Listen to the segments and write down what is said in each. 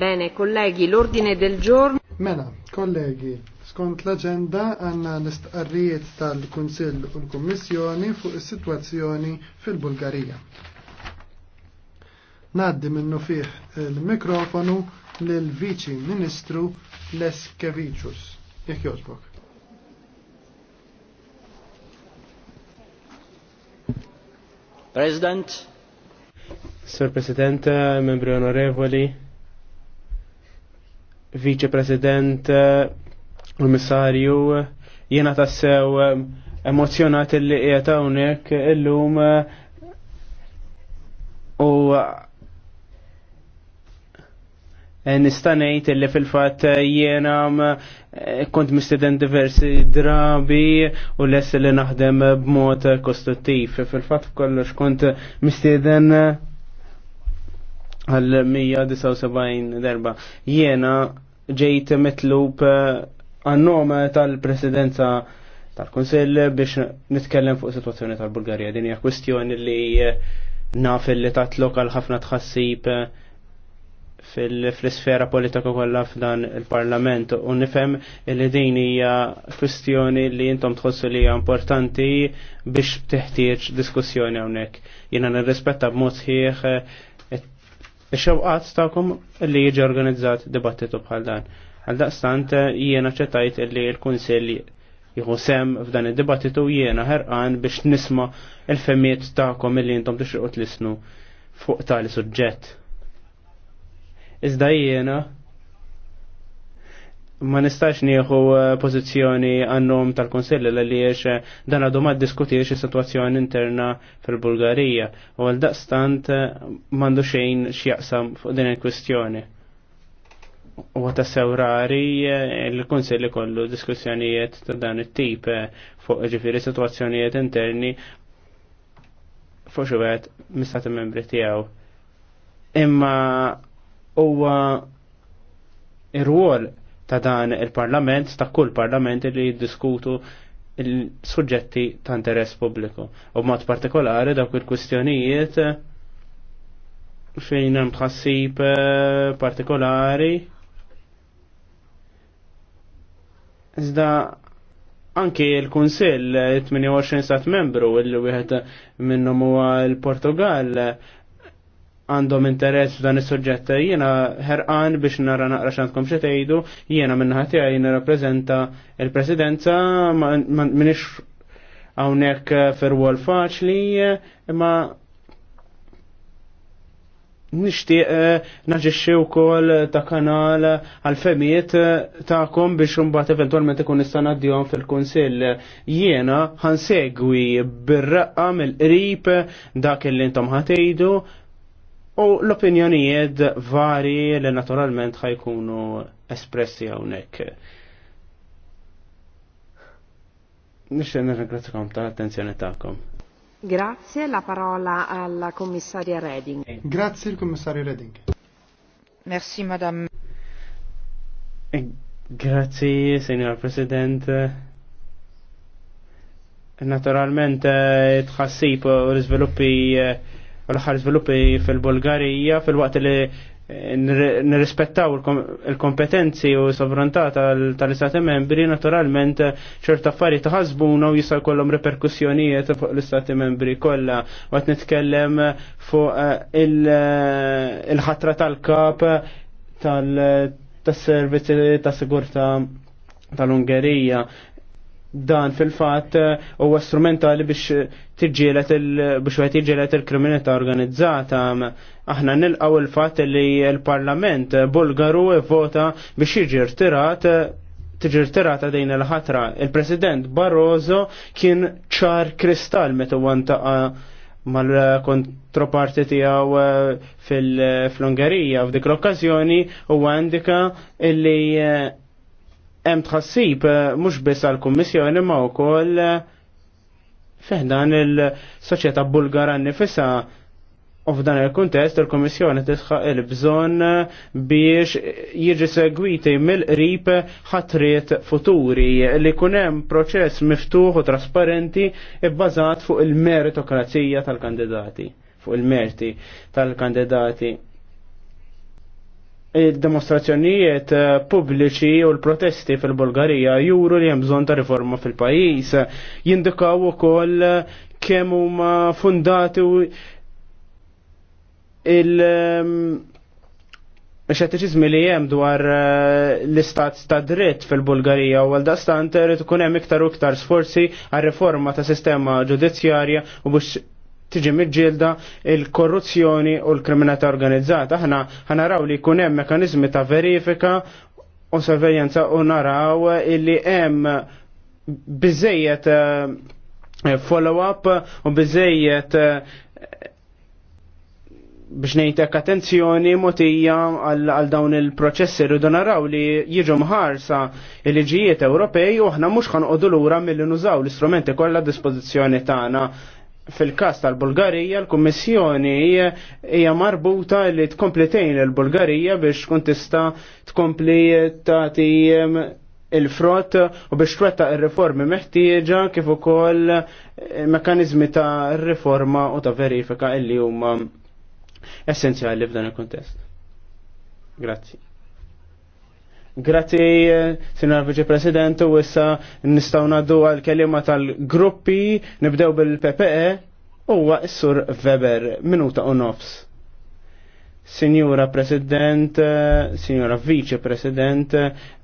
Bene, kollegi, l'ordine del giorno. Mela, kollegi, skont l-agenda għanna l-istqarrijiet tal-Kunsill u l-Kommissjoni fuq is-sitwazzjoni fil-Bulgarija. Naddi minnu fih il-mikrofonu l-Viċi Ministru Leskevicius. Jek jodbok. President. Sir President, membri onorevoli, Vice President, eh, missarju jiena tassew eh, emozjonat li qiegħed hawnhekk illum eh, u nistanejt illi fil-fat jiena kont mistiden diversi drabi u less li naħdem b'mod kostruttiv. Fil-fat kollox kont mistiden għal 179 darba. Jiena ġejt mitlub eh, għannome tal-presidenza tal-Konsill biex nitkellem fuq situazzjoni tal-Bulgarija. Din hija kwestjoni li eh, naf li tatlok għal ħafna tħassib eh, fil-sfera politika kollha f'dan il-Parlament u nifhem li din hija kwistjoni li intom tħossu li hija importanti biex teħtieġ diskussjoni hawnhekk. Jiena nirrispetta b'mod sħiħ xewqat tagħkom li jiġi organizzat dibattitu bħal dan. Għal daqstant jiena ċetajt li l-Kunsill jieħu sem f'dan id-dibattitu jiena ħerqan biex nisma il-femiet tagħkom li jintom tixriqu tlisnu fuq tali suġġett. Iżda jiena ma nistax nieħu eh, pożizzjoni għannom tal-Konsill li jiex eh, dan għadu ma diskutiex is-sitwazzjoni interna fil-Bulgarija u għal daqstant eh, mandu xejn x'jaqsam fuq din il-kwistjoni. U għata sewrari il-Konsill kollu diskussjonijiet ta' dan it-tip fuq ġifiri sitwazzjonijiet interni fuq xuwet mistati membri tiegħu. Imma huwa ir-rwol ta' dan il-parlament, ta' kull parlament li jiddiskutu il-suġġetti ta' interess pubbliku. U b'mod partikolari dawk il-kwistjonijiet fejn hemm tħassib eh, partikolari. Iżda anki l-Kunsill eh, 28 stat membru il wieħed minnhom huwa l-Portugal għandhom interess f'dan is-suġġett jiena ħerqan biex nara naqra x'għandkom xi tgħidu, jiena minn ħadd tiegħi nirrappreżenta l-Presidenza m'iniex hawnhekk ferwol faċli imma nixtieq eh, naġixxi wkoll ta' kanal għal femijiet eh, tagħkom biex imbagħad eventwalment ikun nista' ngħaddihom fil-kunsill. Jiena ħansegwi bir-raqqa mill-qrib dak li intom ħatejdu u l-opinjonijiet vari li naturalment ħajkunu espressi hawnhekk. Nixtieq nirringrazzjakom tal-attenzjoni tagħkom. Grazie, la parola alla commissaria Reding. Grazie il commissario Reding. Merci madame. Eh, grazie, signor Presidente. Naturalment, tħassib u l-izviluppi eh, l-aħħar żviluppi fil-Bulgarija fil-waqt li nirrispettaw il-kompetenzi u sovranità tal-istati membri, naturalment ċerta affari ħasbuna u jisal kollom reperkussjonijiet fuq l-istati membri kollha. Għat nitkellem fuq eh, eh, il-ħatra tal-kap tal-servizzi tas sigurta tal-Ungerija dan fil-fat eh, huwa strumentali biex il biex wieħed jiġġielet il-kriminalità organizzata. Aħna nilqgħu il-fatt li l-Parlament Bulgaru vota biex jiġi rtirat tiġi rtirata dejn il-ħatra. Il-President Barroso kien ċar kristall meta għantaqa mal-kontroparti tijaw eh, fil-Ungerija f'dik l-okkazjoni u għandika illi eh, hemm tħassib eh, mhux biss għall-Kummissjoni ma wkoll eh, feħdan il-soċjetà Bulgara nifisha u f'dan il-kuntest il-Kummissjoni tisħaq il-bżonn eh, biex jiġi segwiti mill-qrib ħatriet futuri li jkun hemm proċess miftuħ u trasparenti bbażat fuq il-meritokrazija tal-kandidati fuq il-merti tal-kandidati il-demonstrazzjonijiet eh, pubbliċi u l-protesti fil-Bulgarija juru li hemm bżonn ta' riforma fil-pajjiż. Jindikaw ukoll kemm huma fundati il- ehm, xettiċizmi li jem dwar eh, l-istat ta' dritt fil-Bulgarija u għalda dastant rrit ikun hemm iktar u iktar sforzi għal-reforma ta' sistema ġudizzjarja u biex tiġi miġġielda il-korruzzjoni u l-kriminata organizzata. Aħna ħanaraw li jkun hemm mekanizmi ta' verifika u sorveljanza u naraw illi hemm biżejjed eh, follow-up u biżejjed eh, biex nejtek attenzjoni motija għal dawn il-proċessi rridu naraw li jiġu mħarsa il-liġijiet Ewropej u aħna mhux ħan lura milli nużaw l-istrumenti kollha dispożizzjoni tagħna fil-kas tal-Bulgarija l-Kummissjoni hija marbuta li tkompletejn il bulgarija biex tkun tista' tkompli tagħti il-frott u biex twettaq ir-riformi meħtieġa kif ukoll eh, mekkaniżmi ta' riforma u ta' verifika illi huma essenzjali f'dan il-kontest. Grazzi. Grati, Sinar Vice President, u issa nistaw naddu għal kelima tal-gruppi, nibdew bil-PPE, huwa s-sur Weber, minuta u nofs. Signora President, Signora Vice President,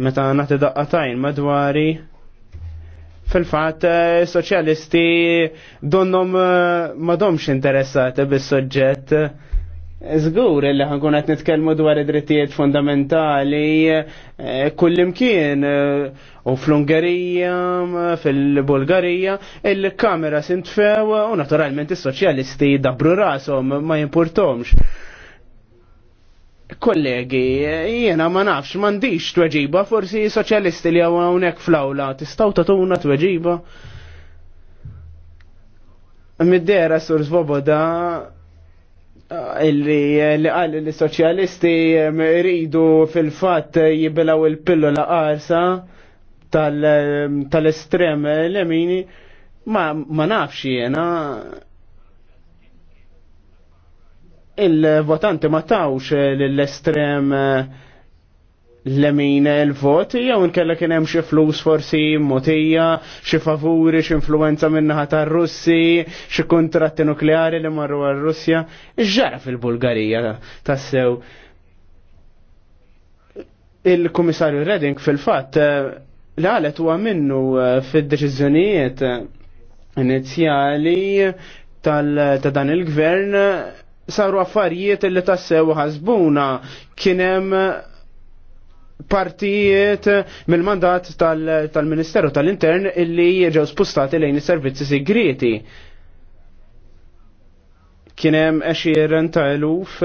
meta nagħti daqqatajn madwari, fil-fat soċjalisti donnom eh, madomx interessati bis-soġġett Zgur li ħankun għet nitkelmu dwar id-drittijiet fundamentali eh, kullimkien eh, u fl-Ungerija, eh, fil-Bulgarija, il-kamera sintfew u naturalment il-soċjalisti dabru rasom ma jimportomx. Kollegi, jena ma nafx, mandiċ tweġiba, forsi soċjalisti li għaw għonek fl-awla, tistaw tuna tweġiba. Middera sur svoboda illi li għalli li soċjalisti rridu fil-fat jibilaw il pillola qarsa tal-estrem Lemini ma, ma nafx jena il-votanti ma tawx l-estrem uh, l-emina l-voti jew nkella kien hemm xi flus forsi motija, xi favuri, xi influenza minnaħa tar-Russi, xi kontratti nukleari li marru għar-Russja. Ġara fil-Bulgarija tassew. Il-Kummissarju Reding fil-fatt eh, li għalet huwa minnu eh, fid-deċiżjonijiet eh, inizjali tal dan il-gvern saru affarijiet li tassew ħasbuna kienem partijiet mill-mandat tal-Ministeru tal tal-Intern illi jieġaw spostati lejn is-servizzi segreti. Kien hemm ta' eluf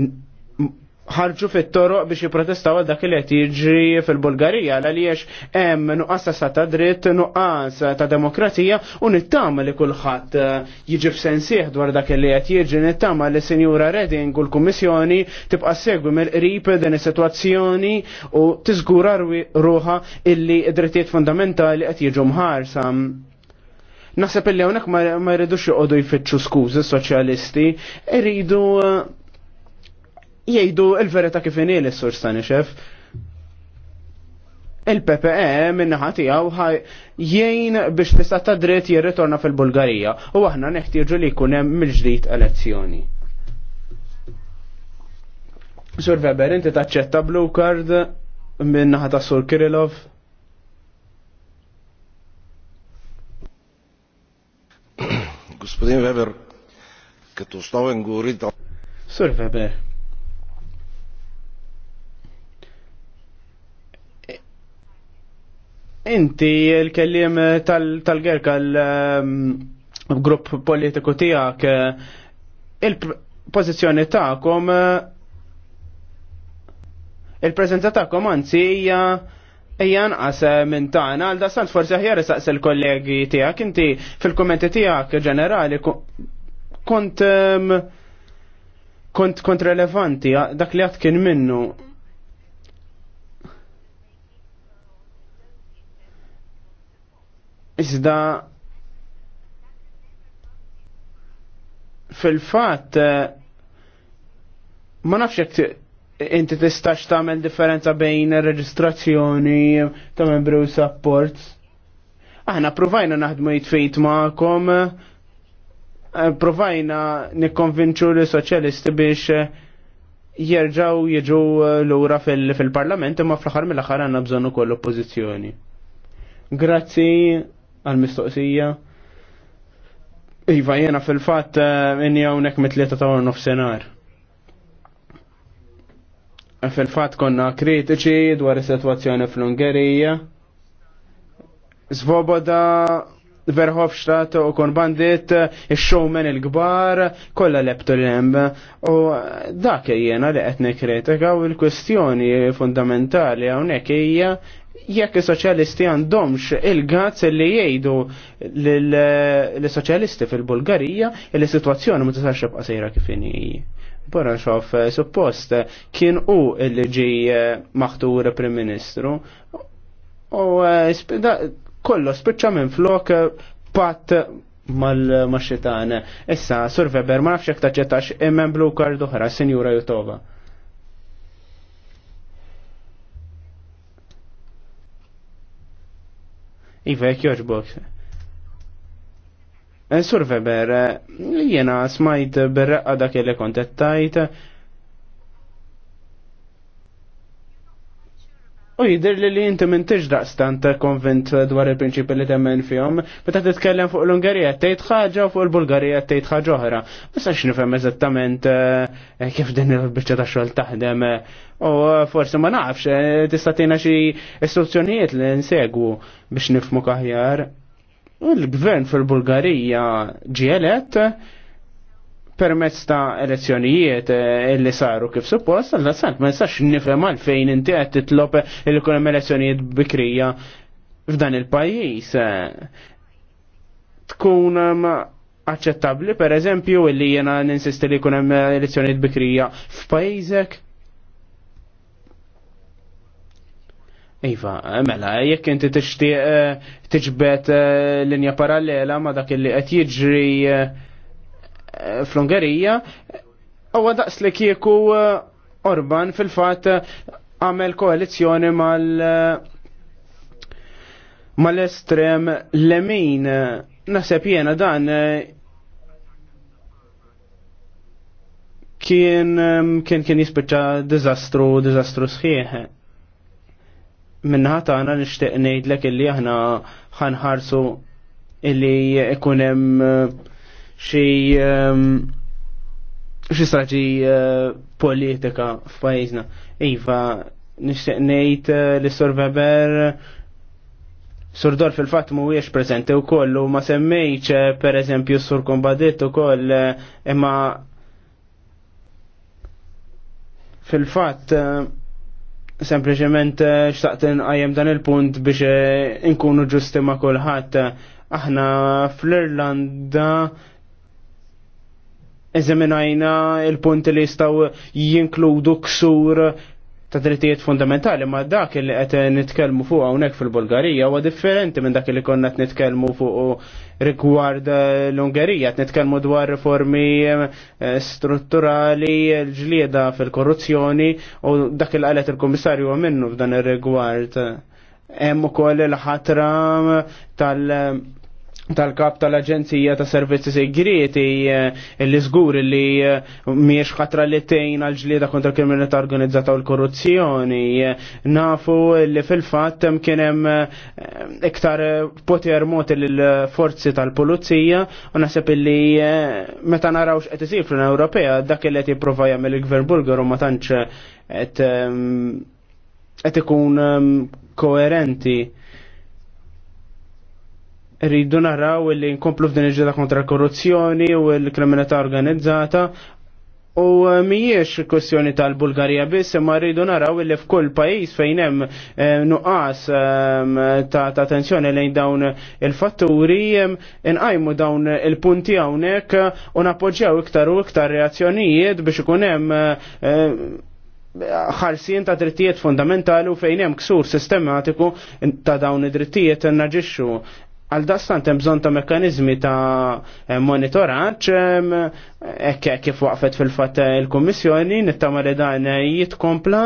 N ħarġu fit toro biex jipprotestaw għal dak li qed jiġri fil-Bulgarija għaliex hemm nuqqas sa ta' dritt, nuqqas ta' demokrazija u nittama li kulħadd eh, jiġi f'sensieħ dwar dak li qed jiġri, nittama li Sinjura Reding u l-Kummissjoni tibqa' segwi mill-qrib din is-sitwazzjoni u tiżgura ruha illi id-drittijiet fundamentali qed jiġu mħarsa. Naħseb illi hawnhekk ma jridux joqogħdu jfittxu skużi soċjalisti, iridu eh, jgħidu il-verita kif l sur Stanixef. Il-PPE minnaħa tiegħu jgħin biex tista' ta' dritt jirritorna fil-Bulgarija u aħna neħtieġu li jkun hemm mill-ġdid elezzjoni. Sur Weber, inti taċċetta blue card minnaħa ta' Sur Kirillov? Gospodin Weber. като stawen говорител. Sur Weber, Inti l-kellim tal-gerka l-grupp ehm, politiku tijak eh, il-pozizjoni ta'kom eh, il-prezenza ta'kom anzi hija hija nqas eh, minn tagħna għal dasant forsi aħjar saqs il-kollegi tiegħek inti fil-kummenti tiegħek ġenerali kont ehm, kont kont relevanti dak li għat kien minnu Iżda fil-fatt eh, ma nafx jekk inti tistax tagħmel differenza bejn ir-reġistrazzjoni ta' membru u support. Aħna provajna naħdmu jitfejt ma'kom, eh, provajna nikkonvinċu li soċjalisti biex eh, jerġaw jiġu l-ura fil-parlament imma fl-aħħar mill-aħħar għandna bżonn ukoll oppożizzjoni. Grazzi għal-mistoqsija. Iva, jena fil-fat eh, inni għawnek mit-tlieta ta' f-senar. Fil-fat konna kritiċi dwar is-situazzjoni fl-Ungerija. Svoboda Verhofstadt u kon bandit il-showman il-gbar kolla lebtu l-emb u dak jena li qed kritika u l-kwestjoni fundamentali hawnhekk hija jekk is-soċjalisti għandhomx il-gazz li jgħidu l-soċjalisti fil-Bulgarija il situazzjoni ma tistax tibqa' sejra kif inhi. xof, suppost kien u li ġi maħtur Prim Ministru u eh, Kollo spiċċa minn flok pat mal maċċetane. Issa, Sur Weber, ma nafxek taċċettax immen blu card oħra, Senjura Jutova. Iva, jek joġbok. Eh, Sur Weber, eh, jena smajt berraqqa dak il kontettajt, U jidir li li inti minn tiġdaq stant konvent dwar il-prinċipi li temmen fjom, meta titkellem fuq l-Ungarija tejt ħaġa u fuq il-Bulgarija tejt ħaġa oħra. Ma sax eżattament eh, eh, kif din il-biċċa ta' xogħol taħdem. U eh, forsi ma nafx, tista' tgħinha xi istruzzjonijiet li nsegwu biex nifmu kaħjar. U l-gvern fil-Bulgarija ġielet permezz ta' elezzjonijiet eh, li saru kif suppost, għal sant ma nistax nifhem għal fejn inti qed titlob li kun hemm elezzjonijiet bikrija f'dan il-pajjiż. Tkun ehm, aċċettabbli pereżempju illi jiena ninsisti li jkun hemm elezzjonijiet bikrija f'pajjiżek? Iva, mela, jekk inti tixtieq eh, tiġbed eh, linja parallela ma dak illi qed jiġri Eh, fl-Ungerija u daqs li kieku eh, Orban fil-fatt eh, għamel koalizjoni mal mal-estrem lemin naseb jena dan kien kien kien jispiċċa diżastru diżastru sħiħ. Minnaħa tagħna nixtieq ngħidlek illi aħna ħanħarsu illi ikun hemm xi ehm, xi straġi eh, politika f'pajjiżna. Iva, nixtieq ngħid eh, li Sur Weber Sur fil-fatt mhuwiex preżenti wkoll u ma semmejx eh, pereżempju Sur Kombadit ukoll imma fil-fatt sempliċement xtaqt inqajjem dan il-punt biex inkunu ġusti ma' kulħadd aħna fl-Irlanda eżeminajna il-punti li jistaw jinkludu ksur ta' drittijiet fundamentali, ma dak li qed nitkellmu fuq hawnhekk fil-Bulgarija huwa differenti minn dak li konna qed nitkellmu fuq rigward l-Ungerija, qed nitkellmu dwar riformi eh, strutturali l-ġlieda fil-korruzzjoni u dak il qalet il-Kummissarju minnu f'dan ir-rigward. Hemm ukoll il-ħatra tal- tal-kap tal-Aġenzija ta' Servizzi Segreti eh, li żgur li eh, miex ħatra li tejn għal-ġlieda kontra kriminalità organizzata u l-korruzzjoni. Nafu li fil-fatt kien hemm eh, iktar poter moti l-forzi tal-pulizija u naħseb li meta narawx qed isir fl Ewropea dak li qed jipprova jagħmel il-Gvern Bulgar u ma tantx qed ikun koerenti rridu naraw li nkomplu f'din il-ġeda kontra korruzzjoni u l-kriminalità organizzata u eh, mhijiex kwestjoni tal-Bulgarija biss imma rridu naraw li f'kull pajjiż fejn hemm eh, nuqqas ehm, ta' attenzjoni lejn dawn il-fatturi ehm, inqajmu dawn il-punti hawnhekk u nappoġġjaw iktar u iktar reazzjonijiet biex ikun hemm eh, ħarsien ta' drittijiet fundamentali u fejn hemm ksur sistematiku ta' dawn id-drittijiet naġixxu għal dastant hemm bżonn ta' mekkaniżmi ta' eh, monitoraġġ hekk eh, kif waqfet fil-fatt eh, il-Kummissjoni nittama li dan jitkompla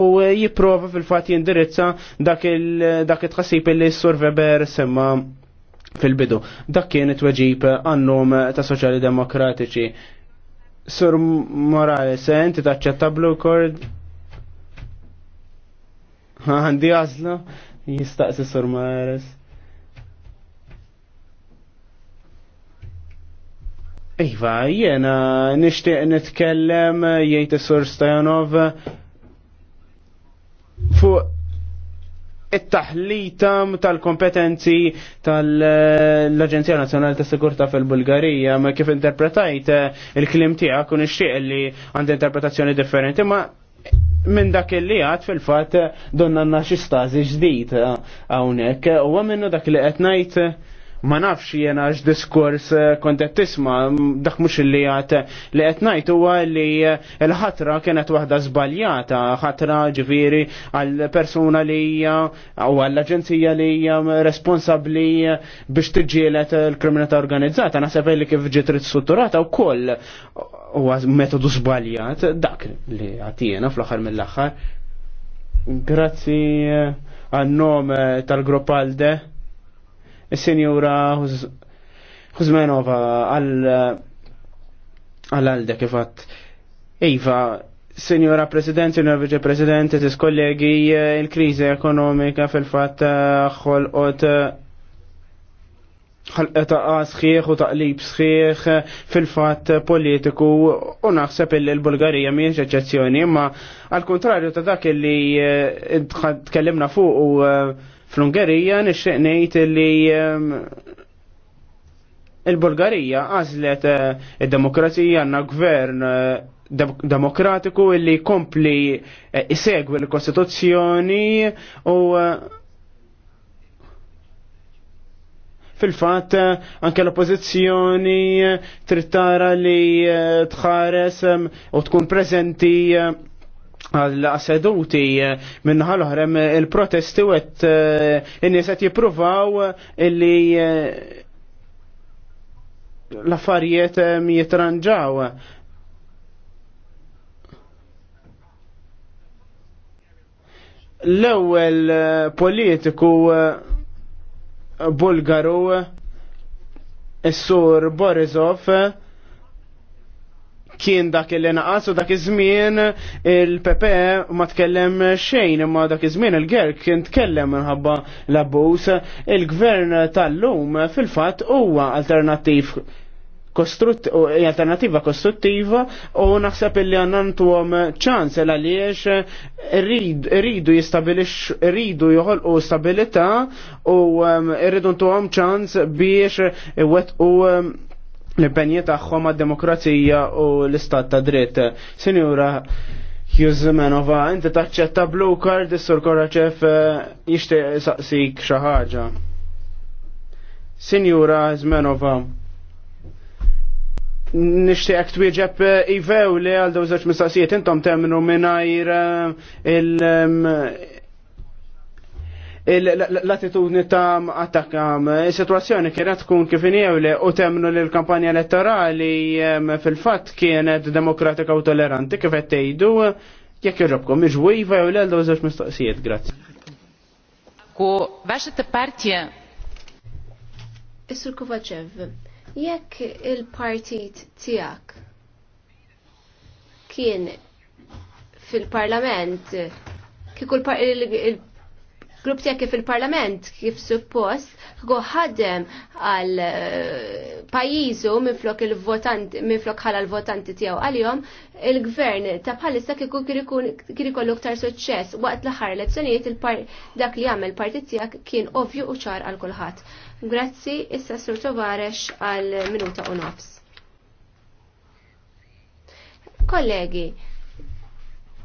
u jipprova fil-fatt jindirizza dak it-tħassib li s-Sur Weber semma fil-bidu. Dak kien it weġib għannum ta' Soċjali Demokratiċi. Sur Morales, inti taċċetta Blue Cord? Għandi għazla? Jistaqsi Sur Morales. Iva, jena nishtiq nitkellem jgħid is-Sur Stajanov. fuq it-taħlita tal-kompetenzi tal-Aġenzija Nazzjonali ta' Sigurtà fil-Bulgarija, ma kif interpretajt il-klim tiegħek u nixtieq li għandi interpretazzjoni differenti, ma minn dak li għad fil-fatt donna xi stażi ġdid hawnhekk u minnu dak li qed ngħid ma nafx jena x-diskors eh, kontet tisma, dak mux li għat li ngħid huwa li eh, l-ħatra kienet wahda zbaljata, ħatra ġviri għal-persuna li hija u għall-agenzija li hija responsabli biex tiġielet l-kriminata organizzata, naħseb li kif ġiet strutturata u koll u metodu zbaljat, dak li għatijena fl-axar mill-axar. Grazzi eh, għan-nome tal-grupp Alde. Is-Sinjura Huzmenova għal-għalde kifat. Iva, Sinjora President, Sinjora Vice President, tis kollegi, il-krizi ekonomika fil-fat xolqot eh, eh, ħalqeta sħiħ u taqlib sħiħ fil-fat politiku u naħseb illi l-Bulgarija miex eċezzjoni, imma għal kontrarju ta' dak li eh, tkellimna fuq u Fl-Ungerija nixtieq ngħid li ehm, il-Bulgarija għażlet eh, id-demokrazija għandna gvern eh, demokratiku illi kompli eh, isegwi l-Kostituzzjoni u fil-fat anke l-oppozizjoni trid tara li tħares u tkun preżenti għal-seduti eh, minnħal oħrem il-protesti għet eh, n-niset jipruvaw eh, illi l-affarijiet jitranġaw. L-ewel politiku bulgaru, s-sur Borisov, kien dak il naqas u dak iż-żmien il-Pepe ma tkellem xejn imma dak iż-żmien il gerk kien tkellem minħabba l-abbuż. Il-gvern tal-lum fil-fatt huwa alternattiv eh, alternativa kostruttiva u naħseb illi għanna ċans l għaliex rridu jistabilix rridu joħolqu stabilità u ehm, rridu ntuhom ċans biex u l-benji tagħhom għad-demokrazija u l-istat ta' dritt. Sinjura Jużmenova, inti taċċetta blue card is-sur Koraċef eh, jixtieq saqsik xi ħaġa. Sinjura Zmenova, nishtiqek twieġeb eh, ivew li għal żewġ mistaqsijiet intom temnu mingħajr eh, il- l-attitudni ta' attakam. Situazzjoni kienet tkun kif injewle u temnu li l-kampanja elettorali fil-fat kienet demokratika u toleranti kif qed tgħidu jekk irrobkom iġwiva jew l-għal żewġ mistoqsijiet, grazzi. Ku ta' partija. Isur Kovacev, jekk il partijt tijak kien fil-parlament kikul il grupp tiegħek kif il-Parlament kif suppost ħadem għal eh, pajjiżu minflok il votant minflok ħala l-votanti tiegħu għalihom il-gvern ta' bħalissa kieku kien ikollu ktar suċċess waqt l-aħħar elezzjonijiet dak li għamel partit tiegħek kien ovju u ċar għal kulħadd. Grazzi issa Sur Tovarex għal minuta u nofs. Kollegi,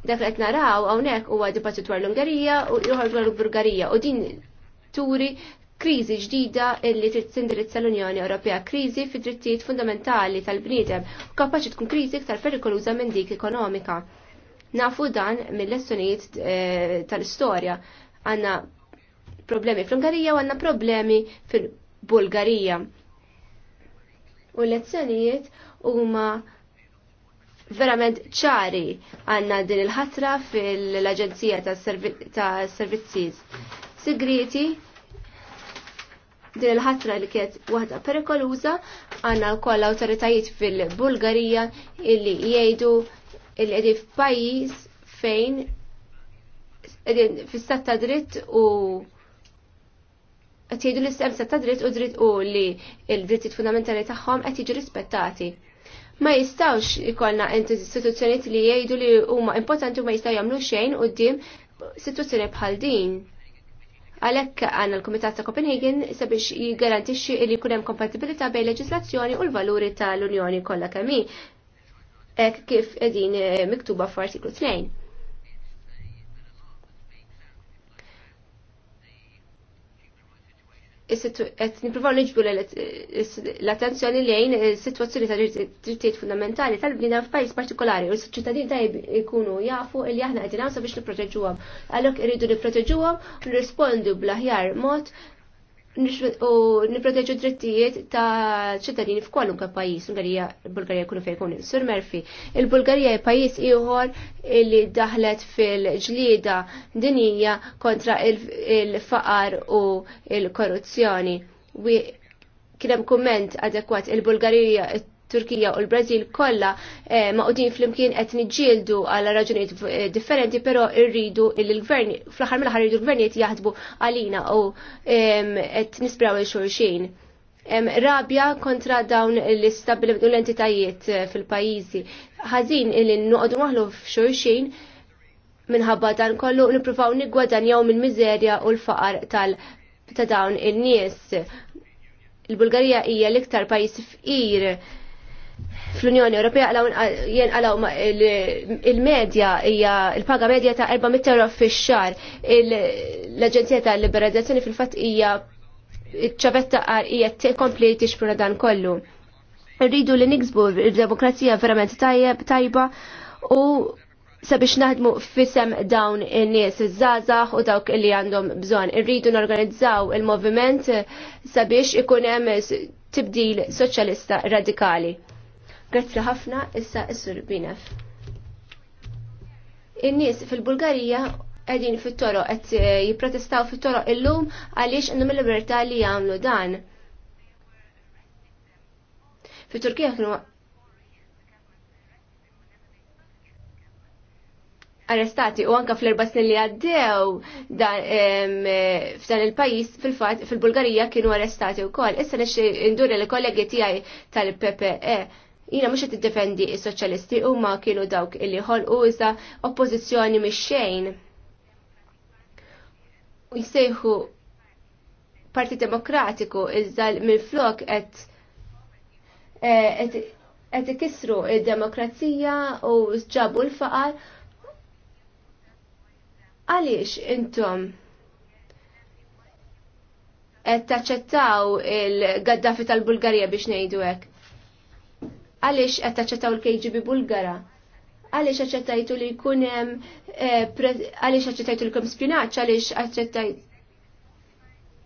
dak li qed naraw hawnhekk huwa dibattu dwar l-Ungerija u ieħor dwar l-Bulgarija u din turi kriżi ġdida illi trid tindirizza l-Unjoni Ewropea, kriżi fi drittijiet fundamentali tal-bniedem u kapaċi tkun kriżi iktar perikoluża minn dik ekonomika. Nafu dan mill-lezzjonijiet eh, tal-istorja. għandna problemi fl-Ungarija u għandna problemi fil-Bulgarija. U l-lezzjonijiet huma verament ċari għanna din il-ħatra fil-Aġenzija ta' Servizzi Sigriti din il-ħatra li kienet waħda perikoluża għanna l-koll autoritajiet fil-Bulgarija illi jgħidu illi qegħdin f'pajjiż fejn qegħdin fis-sat ta' dritt u qed jgħidu l-istem sat ta' dritt u dritt u li l-drittijiet fundamentali tagħhom qed jiġu rispettati ma jistawx ikolna istituzzjoniet li jgħidu li huma importanti u ma jistaw jagħmlu xejn quddiem situazzjoni bħal din. Għalhekk għandna l-Kumitat ta' Copenhagen sabiex jiggarantixxi li jkun hemm kompatibilità bejn leġislazzjoni u l-valuri tal-Unjoni kollha kemm hi, hekk kif qegħdin miktuba f'artiklu 2. qed nippruvaw niġbu l-attenzjoni lejn is-sitwazzjoni ta' drittijiet fundamentali tal-bniedem f'pajjiż partikolari u s-ċittadini ta' ikunu jafu li aħna qegħdin biex nipproteġuhom. Għalhekk irridu nipproteġuhom u nirrispondu bl-aħjar mod u niprotegġu drittijiet ta' ċittadini f'kwalunkwe pajjiż, Ungarija, Bulgarija jkunu fejn Sur Murphy, il-Bulgarija pajjiż ieħor li daħlet fil-ġlieda dinija kontra il-faqar u il-korruzzjoni. Kien hemm adekwat il-Bulgarija Turkija u l-Brazil kollha eh, maqdin flimkien qed niġġieldu għal raġunijiet eh, differenti, però rridu il-gvern fl-aħħar mill-aħħar irridu l-gvernijiet jaħdbu għalina u qed nisbraw il-xulxin. Rabja kontra dawn l u l-entitajiet eh, fil-pajjiżi. Ħazin li nuqdu maħlu f'xulxin minħabba dan kollu nippruvaw nigwadanjaw mill-miżerja u l-faqar tal ta' dawn in-nies il-Bulgarija hija l-iktar pajjiż fqir fl-Unjoni Ewropea għalaw il-medja hija il-paga medja ta' 400 euro fix-xar. L-Aġenzija ta' Liberalizzazzjoni fil-fatt hija ċavetta għar hija tkompli tixpruna dan kollu. Rridu li niksbu l demokrazija verament tajjeb tajba u sabiex naħdmu fisem dawn in-nies iż-żgħażagħ u dawk li għandhom bżonn. Irridu norganizzaw il-moviment sabiex ikun hemm tibdil soċjalista radikali. Grazzi ħafna issa is sur Binef. In-nies fil-Bulgarija qegħdin fit-toro qed eh, jipprotestaw fit-toro illum għaliex għandhom il-libertà li jagħmlu dan. Fit-Turkija kienu arrestati u anka fl-erba snin li għaddew eh, f'dan il-pajis fil-Bulgarija fil kienu arrestati u koll. Issa nix indurri l-kollegi tijaj tal-PPE Jina mux qed defendi il-soċalisti soċjalisti huma kienu dawk illi ħolqu iżda oppożizzjoni mis xejn Jsejħu Parti Demokratiku iżda minflok eh, qed qed ikissru id-demokrazija u ġabu l-faqar. Għaliex intom qed taċċettaw il-Gaddafi tal-Bulgarija biex ngħidu hekk? Għaliex qed taċċettaw il-KGB Bulgara? Għaliex aċċettajtu li jkun hemm eh, għaliex aċċettajtu l-kom spinaċ, għaliex aċċettajtu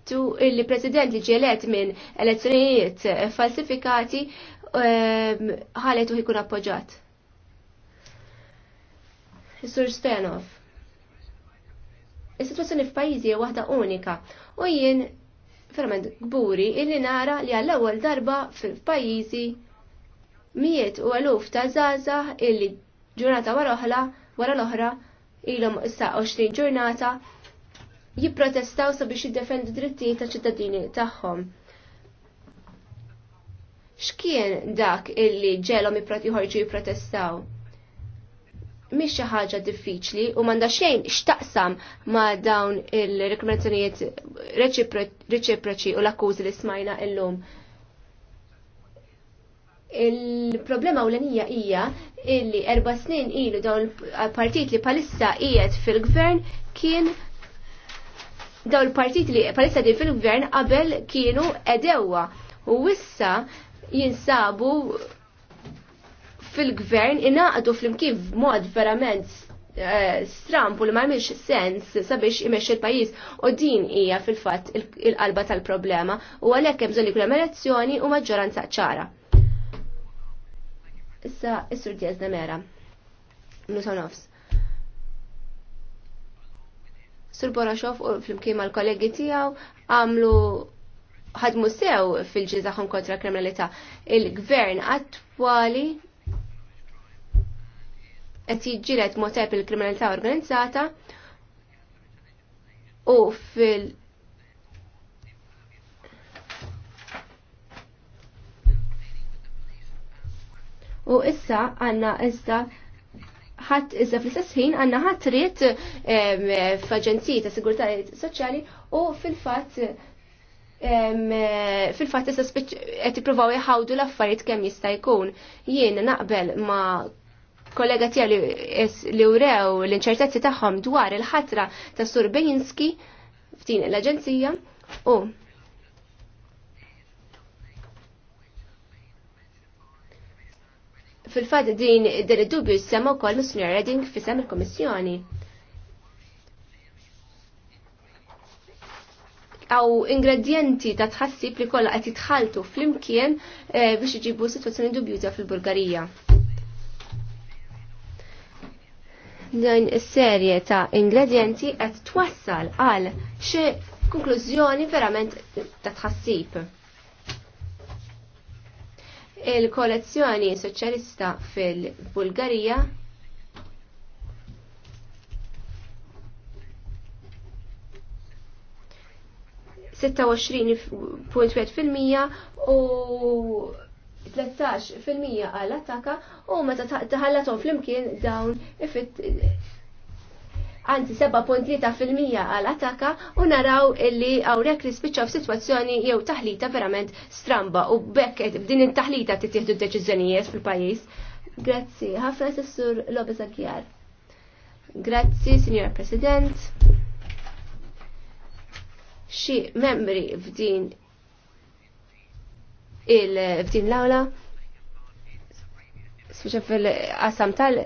tu illi president li ġielet minn elezzjonijiet falsifikati eh, ħaletu jkun appoġġat. Sur Stenov. Is-sitwazzjoni f'pajjiżi hija waħda unika u jien ferment gburi illi nara li għall-ewwel darba f'pajjiżi Miet u għaluf ta' zaza illi ġurnata wara oħla, wara l-oħra, ilhom issa 20 ġurnata jipprotestaw sabiex jiddefendu drittijiet ta' ċittadini tagħhom. X'kien dak illi ġelhom jħorġu jipprotestaw? Mhix xi ħaġa diffiċli u m'għandha xejn x'taqsam ma' dawn il-rekomendazzjonijiet reċiproċi u l-akkużi li smajna illum. Il-problema ewlenija hija illi erba' snin ilu dawn il-partit li palissa qiegħed fil-gvern kien daw il-partit li palissa din fil-gvern qabel kienu edewa u wissa jinsabu fil-gvern inaqdu fl-imkien b'mod verament eh, strampu li ma sens sabiex imexxi l-pajjiż u din hija fil-fatt il-qalba tal-problema u għalhekk hemm bżonn ikun elezzjoni u maġġoranza ċara. Issa, Issur Diaz de Mera. nofs. Sur Boroxov u fl-imkien mal-kollegi tiegħu għamlu ħadmu sew fil-ġizaħon kontra kriminalità. Il-gvern attwali qed jiġġieled motep il-kriminalità organizzata u fil- U issa għanna iżda ħadd iżda fl-istess ħin għandna ħadd ried f'aġenziji ta' sigurtà soċjali u fil-fatt fil-fatt issa qed jippruvaw jħawdu l-affarijiet kemm jista' jkun. Jien naqbel ma' kollega tiegħi li wrew l-inċertezzi tagħhom dwar il-ħatra ta' Sur Bejinski f'din l-aġenzija u Fil-fatt din din id-dubju s wkoll kol sinjor Redding fisem il-Kummissjoni. għaw ingredienti ta' tħassib li kollha qed fl flimkien eh, biex iġibu situazzjoni dubjuża fil-Bulgarija. Din is-serje ta' ingredienti qed twassal għal xi konklużjoni verament ta' tħassib il-kolezzjoni soċjalista fil-Bulgarija fil-mija u 13% għal attaka u meta taħallatom fl-imkien dawn anzi 7.3% għal ataka u naraw illi għawrek li spiċċaw situazzjoni jew taħlita verament stramba u bekk din it-taħlita titieħdu deċiżjonijiet fil-pajjiż. Grazzi, ħafna sessur Lopez Aguiar. Grazzi, Signor President. Xi membri f'din il fdin l-awla, speċa fil-qasam tal-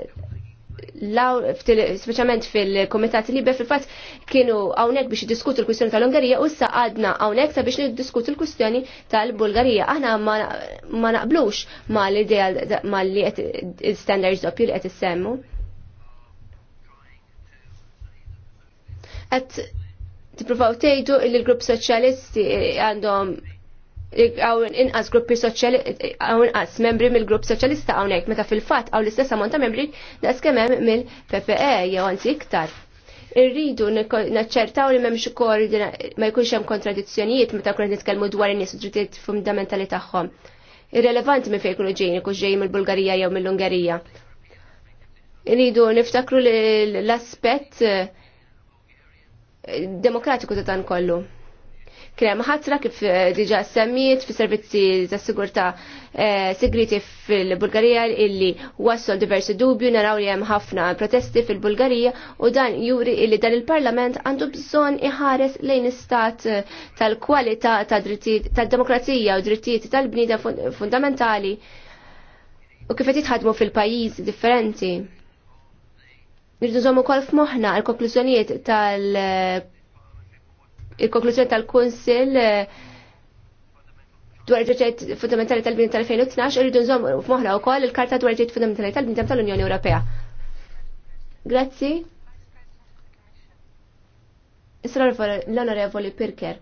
specialment fil-Komitat Libe fil-fatt kienu hawnhekk biex jiddiskutu l-kwistjoni tal-Ungerija u issa għadna hawnhekk sabiex niddiskutu l-kwistjoni tal-Bulgarija. Aħna ma naqblux ma l-idea ma li qed standards doppju li qed semmu Qed tippruvaw tgħidu tejdu il grupp soċjalisti għandhom għaw inqas gruppi soċjali għaw inqas membri mill-grupp soċjalista hawnhekk meta fil-fatt għaw l-istess ammont ta' membri naqas kemm hemm mill-PPE jew anzi iktar. Irridu naċċertaw li m'hemmx ukoll ma jkunx hemm kontradizzjonijiet meta kien nitkellmu dwar in-nies drittijiet fundamentali tagħhom. Irrelevanti minn fejn kienu ġejjin ikux ġej mill-Bulgarija jew mill-Ungerija. Irridu niftakru l-aspett eh, demokratiku ta' dan kollu. Krem ħatra kif eh, diġa semmiet fi servizzi ta' sigurta eh, segreti fil-Bulgarija illi wassol diversi dubju naraw li hemm ħafna protesti fil-Bulgarija u dan juri illi dan il-Parlament għandu bżonn iħares lejn istat eh, tal-kwalità tal drittijiet tad-demokrazija u drittijiet tal-bnida fundamentali u kif qed jitħadmu fil-pajjiż differenti. Nirdu żommu kol f'moħħna għal konklużjonijiet tal- il-konklużjoni tal-Kunsill eh, dwar ġeġet fundamentali tal-bini tal-2012 irridu nżomm f'moħħna wkoll il-Karta dwar ġeġet fundamentali tal-bini tal-Unjoni Ewropea. Grazzi. Isra l-Onorevoli Pirker.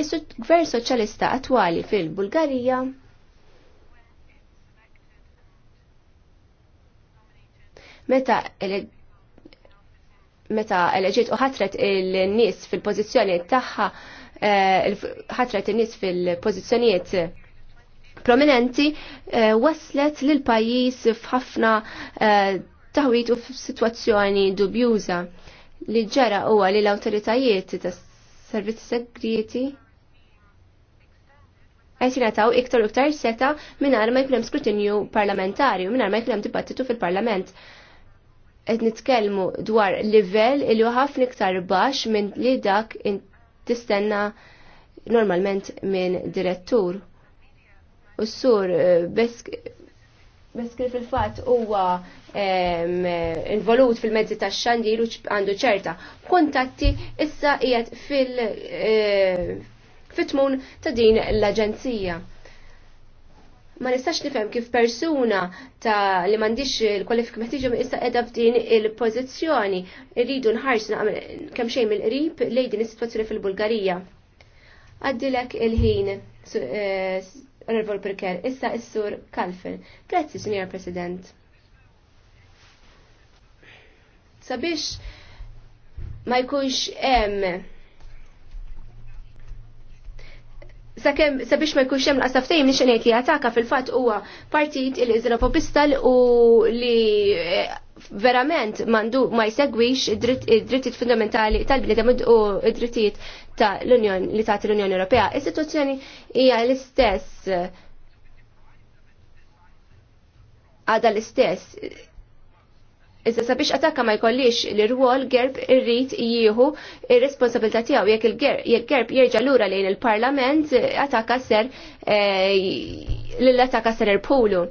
Is-gvern soċjalista attwali fil-Bulgarija meta meta eleġiet u ħatret il-nis fil pozizjoniet tagħha eh, ħatret il-nis fil pozizjoniet prominenti eh, waslet lil pajjiż f'ħafna eh, taħwit u f'sitwazzjoni dubjuża li ġara huwa li l-awtoritajiet tas servizzi segreti għajt jinataw iktar u iktar seta minn ma jkunem skrutinju parlamentari u minn ma jkunem dibattitu fil-parlament qed nitkellmu dwar livell li ħafna iktar baxx minn li dak tistenna normalment minn direttur. U s-sur eh, Beskri fil-fat huwa involut fil-mezzi ta' xandir u għandu ċerta kontatti issa qiegħed fil-fitmun eh, ta' din l-aġenzija ma nistax nifhem kif persuna ta' li m'għandix il kwalifik meħtieġa issa qiegħda f'din il-pożizzjoni rridu nħarsu kemm xejn mill-qrib lejn is-sitwazzjoni fil-Bulgarija. Għaddilek il-ħin, eh, Onorevol Perker, issa is sur Kalfin. Grazzi, Sinjor President. Sabiex ma jkunx hemm sakemm sabiex ma jkunx hemm qasaf tejn nixtieq ngħid li jataka fil-fatt huwa partit il popista u li eh, verament mandu ma jsegwix id-drittijiet fundamentali tal-bniedem u id-drittijiet ta' l-Unjoni li tagħti l-Unjoni Ewropea. Is-sitwazzjoni hija l-istess għada l-istess Iżda sabiex attakka ma jkollix li rwol gerb irrid jieħu ir-responsabilità tiegħu jekk il-gerb jerġa' lura lejn il-Parlament attakka ser lill-attakka eh, ser irpulu.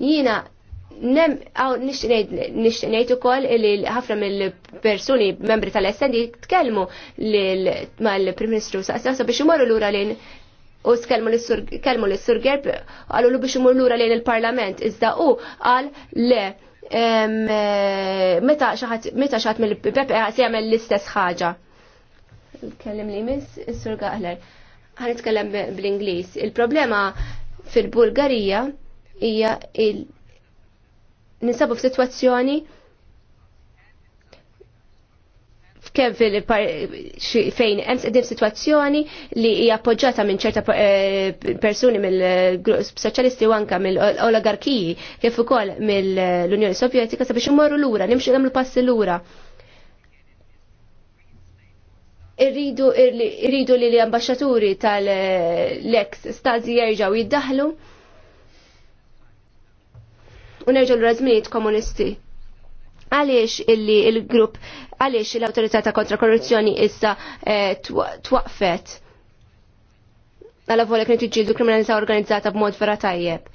Jiena nem għaw nishtiq ngħid ukoll li ħafna mill-persuni membri tal-SND tkellmu mal-Prim Ministru saqsa biex imorru lura lejn u skellmu l-sur Gerb għallu biex imur lura lejn il-Parlament iżda u għal le Eh, meta xaħat mill-Pepe għas jgħamil l-istess ħaġa. Kellim li mis, s-sur Gaħler. Għan itkellem bl-Inglis. Il-problema fil-Bulgarija hija il- ninsabu f'sitwazzjoni kemm fejn hemm qegħdin sitwazzjoni li hija appoġġjata minn ċerta eh, persuni mill-grupp soċjalisti u anke mill-oligarkiji kif ukoll mill-Unjoni Sovjetika sabiex imorru lura, nimxu nagħmlu passi lura. Irridu li l-ambasċaturi tal-ex stazi jerġgħu jiddaħlu u nerġgħu l-rażminijiet komunisti għaliex illi il-grupp għaliex l-autorità ta' kontra korruzzjoni issa eh, twaqfet. għala volek nitiġildu kriminalità organizzata b'mod vera tajjeb.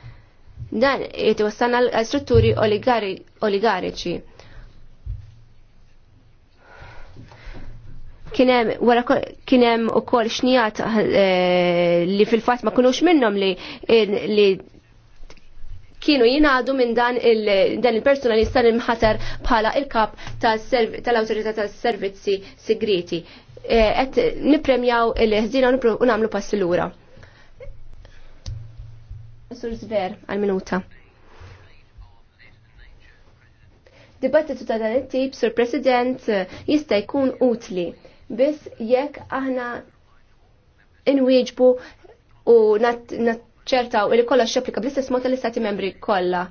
Dan jitwassan għal strutturi oligariċi. kienem wara kienem ukoll xnijat eh, li fil-fatt ma kunux minnhom li li kienu jingħadu minn dan il-personalista il imħatar bħala il-kap tal-awtorità tas-servizzi segreti. Qed nippremjaw il-ħżina u nagħmlu passi lura. Sur Zver għal-minuta. Dibattitu ta' dan it-tip, Sur President, jista' jkun utli. Biss jekk aħna inwieġbu u nat, nat ċertaw li kollox xapplika bl-istess mod tal-istati membri kollha.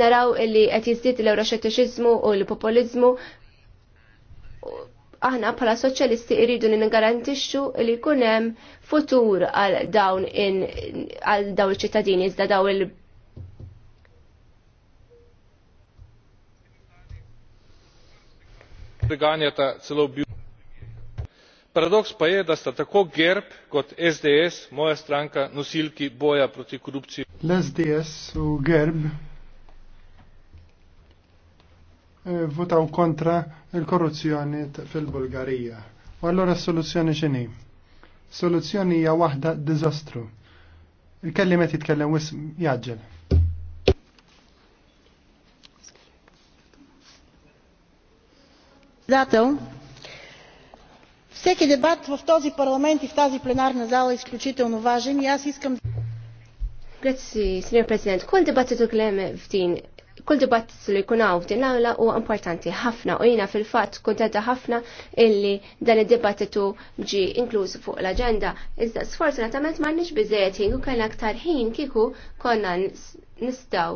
Naraw li qed jiżdied l-euroxettiċiżmu u l-populizmu aħna bħala soċjalisti li ngarantixxu li jkun hemm futur għal dawn in għal dawn il-ċittadini iżda dawn il Priganjata celo bil paradoks pa je da sta tako gerb kot sds moja stranka nosilki boja proti korupciji. l-sds u gerb eh, votaw kontra il-korruzzjoni fil-Bulgarija. U allora soluzzjoni Soluzzjoni hija waħda diżastru. il wism jaġġel. Всеки дебат в този парламент и в тази пленарна зала е изключително важен и аз искам... Grazzi, тук President. Kull dibattitu Кол дебат kull dibattitu li jkun hawn лаула l импортанти? huwa importanti ħafna u jiena fil-fatt kuntenta ħafna дебат dan id-dibattitu инклюз фу fuq l-aġenda. Iżda sfortunatament m'għandniex biżejjed ħin u kellna aktar ħin kieku konna nistgħu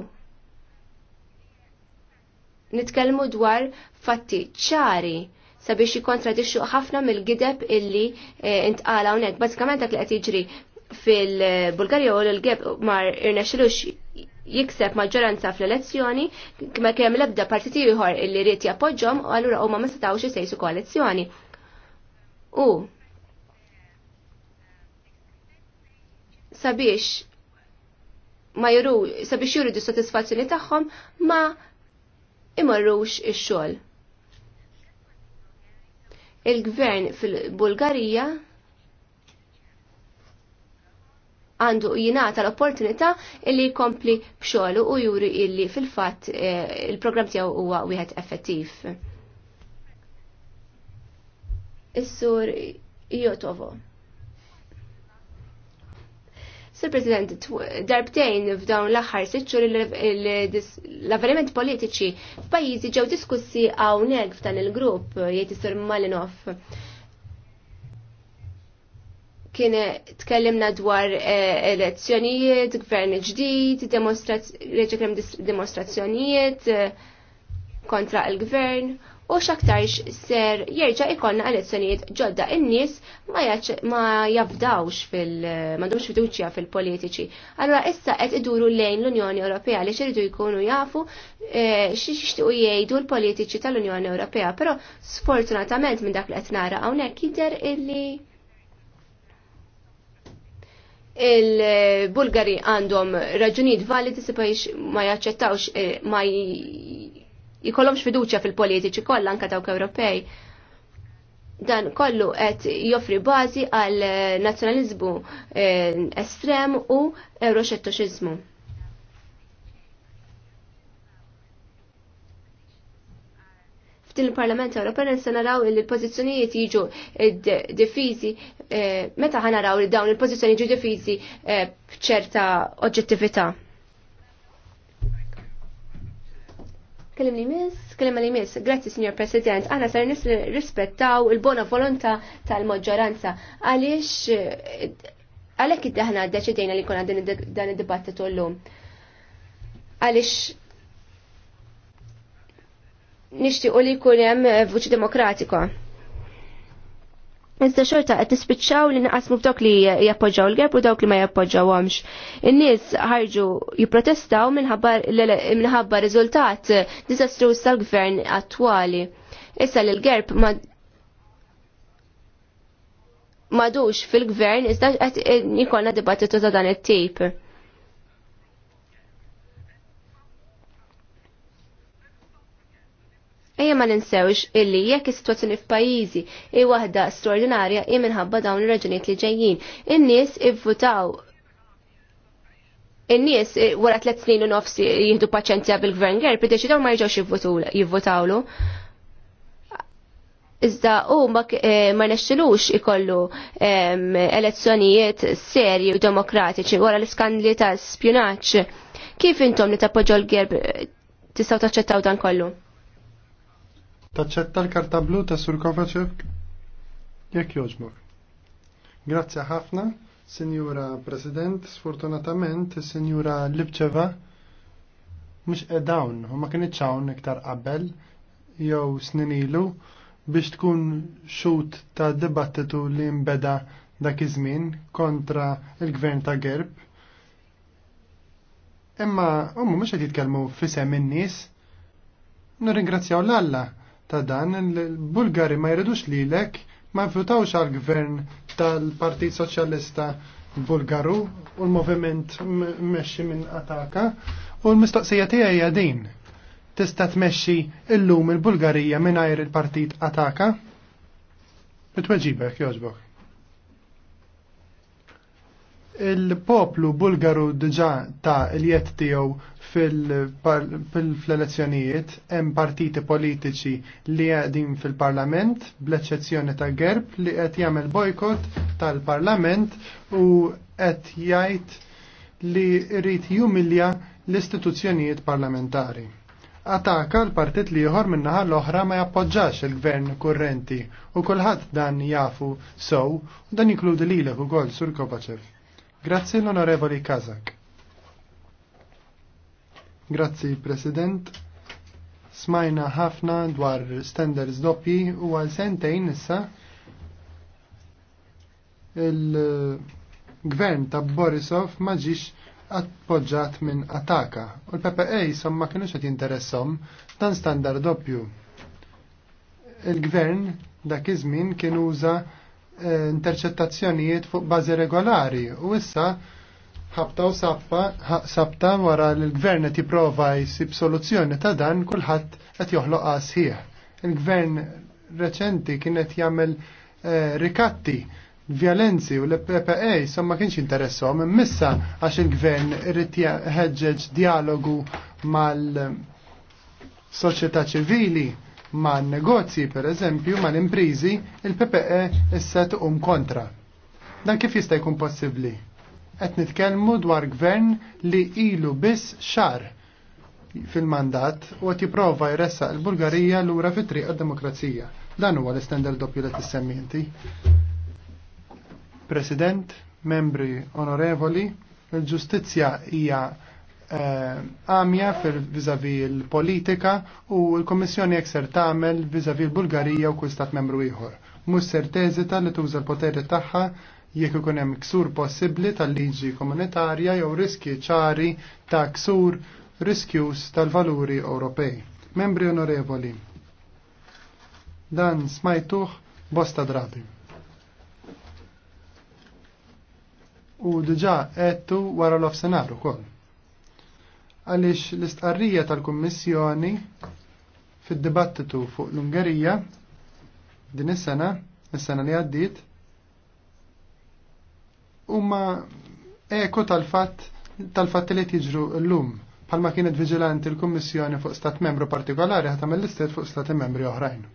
nitkellmu dwar fatti ċari sabiex jikontradixxu ħafna mill-gideb illi eh, intqala hawnhekk. Bażikament dak li qed jiġri fil-Bulgarija u l-geb mar irnexxilux jikseb maġġoranza fl-elezzjoni ma kemm l-ebda partiti ieħor illi rid jappoġġhom u allura huma ma setgħux isejsu koalizzjoni. U sabiex ma juru sabiex juridu s-satisfazzjoni tagħhom ma imorrux ix-xogħol il-gvern fil-Bulgarija għandu jingħata l-opportunità illi jkompli b'xogħlu u juri illi fil-fatt eh, il-programm tiegħu huwa wieħed effettiv. Is-sur Jotovo. Sir President, darbtejn f'dawn l-aħħar sitxur l-avveniment politiċi f'pajjiżi ġew diskussi hawnhekk f'dan il-grupp jgħid isir Malinov. Kien tkellimna dwar eh, elezzjonijiet, gvern ġdid, reġekrem demonstrazzjonijiet eh, kontra il-gvern u xaktarx ser jerġa' ikollna elezzjonijiet ġodda in-nies ma, ma jabdawx fil mandumx fiduċja fil-politiċi. Allura issa qed iduru lejn l-Unjoni Ewropea li xiridu jkunu jafu e, eh, xixtiqu jgħidu l-politiċi tal-Unjoni Ewropea, però sfortunatament minn dak li qed nara hawnhekk jidher illi il-Bulgari għandhom raġunijiet validi sabiex ma jaċċettawx eh, ma jikolomx fiduċja fil-politiċi kollha anke dawk Ewropej. Dan kollu qed joffri bażi għal nazzjonaliżmu eh, estrem u euroxettoxiżmu. f'din il-Parlament Ewropew nista' naraw li l-pożizzjonijiet jiġu eh, diffiżi eh, meta ħanaraw li dawn il-pożizzjoni jiġu diffiżi b'ċerta oġġettività. Kellim li mis, kellim li mis, grazzi signor President, għana ser rispettaw il-bona volontà tal-maġġoranza. Għalix, għalek id-daħna deċidejna li kuna dan id-dibattitu l-lum. Għalix, nishtiqo li kunem vuċi demokratika. Iżda xorta qed nispiċċaw li naqasmu b'dok li jappoġġaw l-gerb u dawk li ma jappoġġawhomx. In-nies ħarġu jipprotestaw minħabba riżultat diżastruż tal-gvern attwali. Issa li l-gerb ma madux fil-gvern iżda qed jkollna dibattitu ta' dan it-tip. ma ninsewx illi jekk is-sitwazzjoni f'pajjiżi hi waħda straordinarja hi minħabba dawn ir-raġunijiet li ġejjin. In-nies ivvutaw In-nies eh, wara tliet snin u nofs jieħdu paċenzja bil-Gvern Gerb biex ma jiġux jivvutawlu. Iżda u eh, ma rnexxilux ikollu elezzjonijiet serji u demokratiċi wara l-iskandli ta' spjunaċ. Kif intom li tappoġġol Gerb eh, tistgħu taċċettaw dan kollu? Taċċetta l-karta blu ta' Sur Kovacev? Jekk joġbok. Grazzi ħafna, Sinjura President, sfortunatament, Sinjura mhux mux edawn, u ma kienieċ hawn iktar qabel, jew sninilu, biex tkun xut ta' dibattitu li mbeda dak iż-żmien kontra il-gvern ta' Gerb. Imma huma mhux qed jitkellmu f'isem in-nies. Nirringrazzjaw l-Alla ta' dan il-Bulgari ma jridux lilek ma jfrutawx għal gvern tal-Partit Soċjalista Bulgaru u l-moviment meċi minn ataka u l-mistoqsija tiegħi jadin, din. Tista' tmexxi illum il-Bulgarija mingħajr il-Partit Ataka? Bitweġibek jogħġbok il-poplu bulgaru diġa ta' il jiet tiegħu fil-elezzjonijiet hemm partiti politiċi li qegħdin fil-Parlament bl ta' Gerb li qed jagħmel bojkott tal-Parlament u qed jgħid li rrit jumilja l-istituzzjonijiet parlamentari. Ataka l-partit li jħor minnaħa l-oħra ma jappoġġax il-gvern kurrenti u kulħadd dan jafu sow u dan jinkludi lilek ukoll sur Kopaċev. Grazzi Lonorevoli Kazak. Grazzi President. Smajna ħafna dwar standards doppi u għal sentejn issa il-gvern ta' Borisov ma ġiex appoġġat minn ataka u l-PPA ma kienu xed interessom dan standard doppju. Il-gvern dak iż-żmien kien uża Eh, interċettazzjonijiet fuq bażi regolari u issa ħabta u sabba, sabta wara li l-gvern qed jipprova jsib soluzzjoni ta' dan kulħadd qed joħloq sħiħ. Il-gvern reċenti kien qed jagħmel eh, rikatti violenzi u l-PPA e, somma kienx interessom immissa għax il-gvern irid ħeġġeġ dialogu mal-soċjetà ċivili ma' negozji per eżempju ma' l-imprizi il-PPE issa tuqum kontra. Dan kif jista' jkun possibbli? Qed nitkellmu dwar gvern li ilu biss xar fil-mandat u qed jipprova jressa l-Bulgarija lura fit-triq għad-demokrazija. Dan huwa l-istender doppju li tissemmi inti. President, membri onorevoli, il-ġustizja hija Eh, għamja fil-vizavi l-politika u l-Komissjoni ekser tagħmel vizavi l-Bulgarija u kull stat membru ieħor. Mhux serteżita li tuża l-poteri tagħha jekk ikun hemm ksur possibbli tal-liġi komunitarja jew riski ċari ta' ksur riskjus tal-valuri Ewropej. Membri onorevoli, dan smajtuh bosta drabi. U dġa għettu wara l-ofsenaru kol għaliex l-istqarrija tal-Kummissjoni fid-dibattitu fuq l-Ungerija din is-sena, is-sena li għaddiet, huma eko tal-fatt tal li tiġru llum bħalma kienet viġilanti l-Kummissjoni fuq stat membru partikolari ħatam l-istat fuq stati membri oħrajn.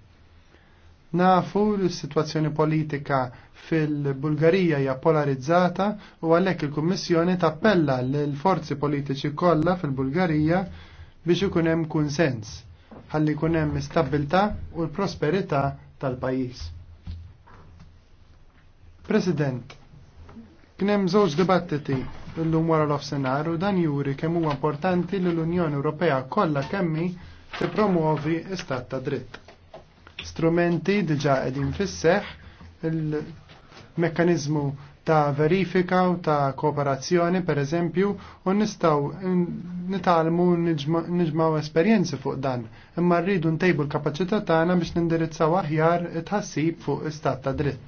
Nafu l-situazzjoni politika fil-Bulgarija hija polarizzata u għalhekk il-Kummissjoni tappella lill forzi politiċi kollha fil-Bulgarija biex ikun hemm kunsens ħalli jkun hemm istabilità u l-prosperità tal-pajjiż. President, kien hemm żewġ dibattiti llum wara l-offsenar u dan juri kemm huwa importanti li l-Unjoni Ewropea kollha kemmi tippromuovi istat ta' dritt strumenti diġa qegħdin fisseħ il mekanizmu ta' verifika u ta' kooperazzjoni per eżempju u nistaw nitalmu nġmaw esperjenzi fuq dan imma rridu ntejbu l-kapacità tagħna biex nindirizzaw aħjar tħassib fuq istat ta' dritt.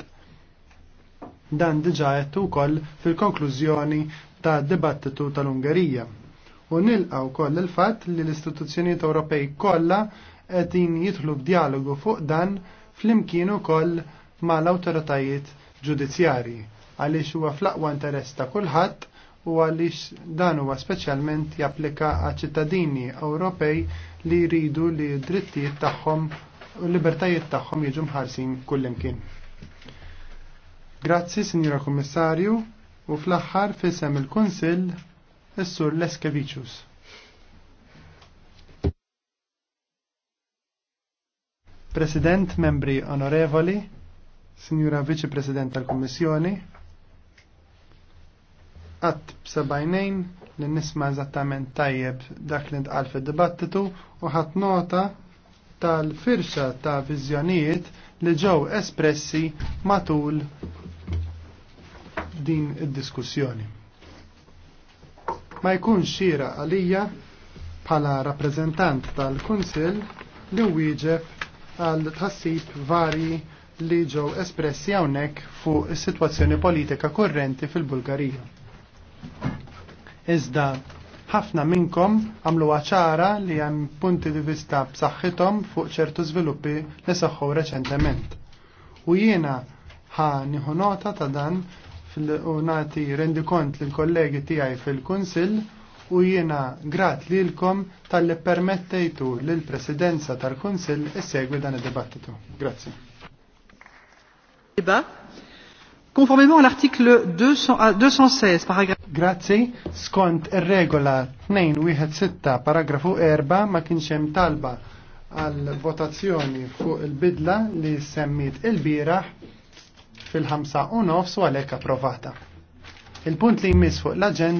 Dan diġa qed ukoll fil-konklużjoni ta' dibattitu tal-Ungerija. U nilqa' wkoll il-fatt li l-istituzzjonijiet Ewropej kollha għedin jidħlu f'dialogu fuq dan flimkien ukoll mal-awtoritajiet ġudizzjarji għaliex huwa fl-aqwa interess ta' kulħadd u għaliex dan huwa speċjalment japplika għal ċittadini Ewropej li jridu li d-drittijiet tagħhom u l-libertajiet tagħhom jiġu mħarsin kullimkien. Grazzi, Sinjora Kummissarju, u fl-aħħar fisem il-Kunsill is-Sur Leskevicius. President, membri onorevoli, Signora Vice President tal-Kommissjoni, għat b'sebajnejn li nisma eżattament tajjeb dak li ntqal fid-dibattitu u ħadd nota tal-firxa ta' viżjonijiet li ġew espressi matul din id-diskussjoni. Ma jkunx xira għalija bħala rappreżentant tal-Kunsill li wieġeb għal tħassib varji li ġew espressi hawnhekk fuq is-sitwazzjoni politika kurrenti fil-Bulgarija. Iżda ħafna minnkom għamlu ċara li hemm punti di vista b'saħħithom fuq ċertu żviluppi li saħħu reċentement. U jiena ħa nieħu nota ta' dan fil-unati rendi kont lill kollegi tiegħi fil-Kunsill u jiena grat l-kom tal-li permettejtu l-Presidenza tal-Kunsill issegwi dan id-dibattitu. Grazzi. Konformement all'artiklu 216, paragraf. Grazzi, skont ir-regola 216, paragrafu 4, ma kienx hemm talba għal votazzjoni fuq il-bidla li semmit il-biraħ fil ħamsa u nofs u għalhekk approvata. Il-punt li jmiss fuq l agenda